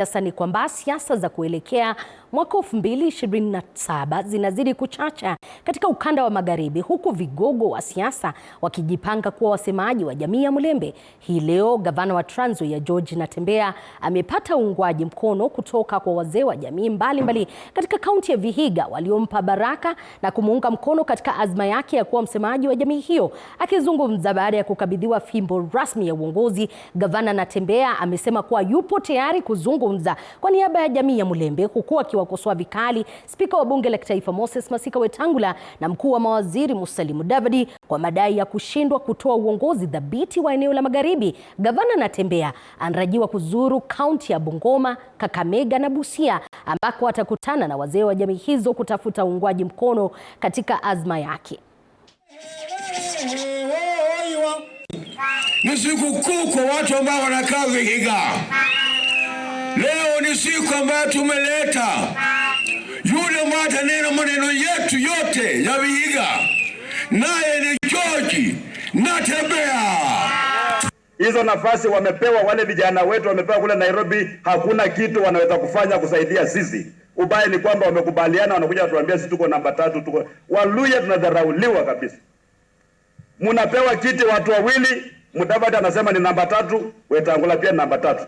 Sasa ni kwamba siasa za kuelekea mwaka 2027 zinazidi kuchacha katika ukanda wa Magharibi, huku vigogo wa siasa wakijipanga kuwa wasemaji wa jamii ya Mulembe. Hii leo gavana wa Trans Nzoia George Natembeya amepata uungwaji mkono kutoka kwa wazee wa jamii mbalimbali katika kaunti ya Vihiga waliompa baraka na kumuunga mkono katika azma yake ya kuwa msemaji wa jamii hiyo. Akizungumza baada ya kukabidhiwa fimbo rasmi ya uongozi, gavana Natembeya amesema kuwa yupo tayari kuzungumza kwa niaba ya jamii ya Mulembe huku akiwakosoa vikali spika wa bunge la kitaifa Moses Masika Wetangula na mkuu wa mawaziri Musalimu Davadi kwa madai ya kushindwa kutoa uongozi dhabiti wa eneo la magharibi. Gavana Natembeya anatarajiwa kuzuru kaunti ya Bungoma, Kakamega na Busia ambako atakutana na wazee wa jamii hizo kutafuta uungwaji mkono katika azma yake. Ni sikukuu kwa watu ambao wanakaa Vihiga. Leo ni siku ambayo tumeleta yule neno maneno yetu yote ya Vihiga, naye ni George Natembeya. Hizo nafasi wamepewa wale vijana wetu, wamepewa kule Nairobi. Hakuna kitu wanaweza kufanya kusaidia sisi. Ubaya ni kwamba wamekubaliana, wanakuja watuambia sisi tuko namba tatu, tuko Waluya. Tunadharauliwa kabisa. munapewa kiti watu wawili, Mudavadi anasema ni namba tatu, Wetangula pia namba tatu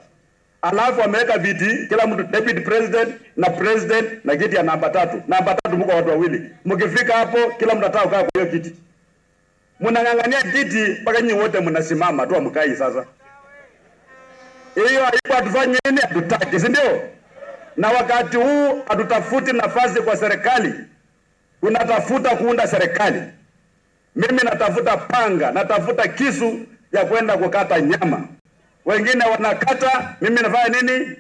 alafu ameweka viti kila mtu deputy president na president na kiti ya namba tatu. Namba tatu mko watu wawili, mkifika hapo kila mtu atao kaa kwa hiyo kiti, mnang'ang'ania kiti mpaka nyinyi wote mnasimama tu, amkai sasa. Hiyo haipo, atufanye nini? Hatutaki, si ndio? Na wakati huu hatutafuti nafasi kwa serikali, tunatafuta kuunda serikali. Mimi natafuta panga, natafuta kisu ya kwenda kukata nyama wengine wanakata, mimi nafanya nini?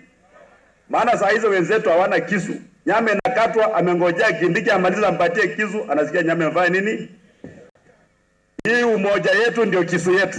Maana saa hizo wenzetu hawana kisu. Nyama inakatwa, amengojea Kindiki amaliza ampatie kisu, anasikia nyama nafanya nini. Hii umoja yetu ndio kisu yetu.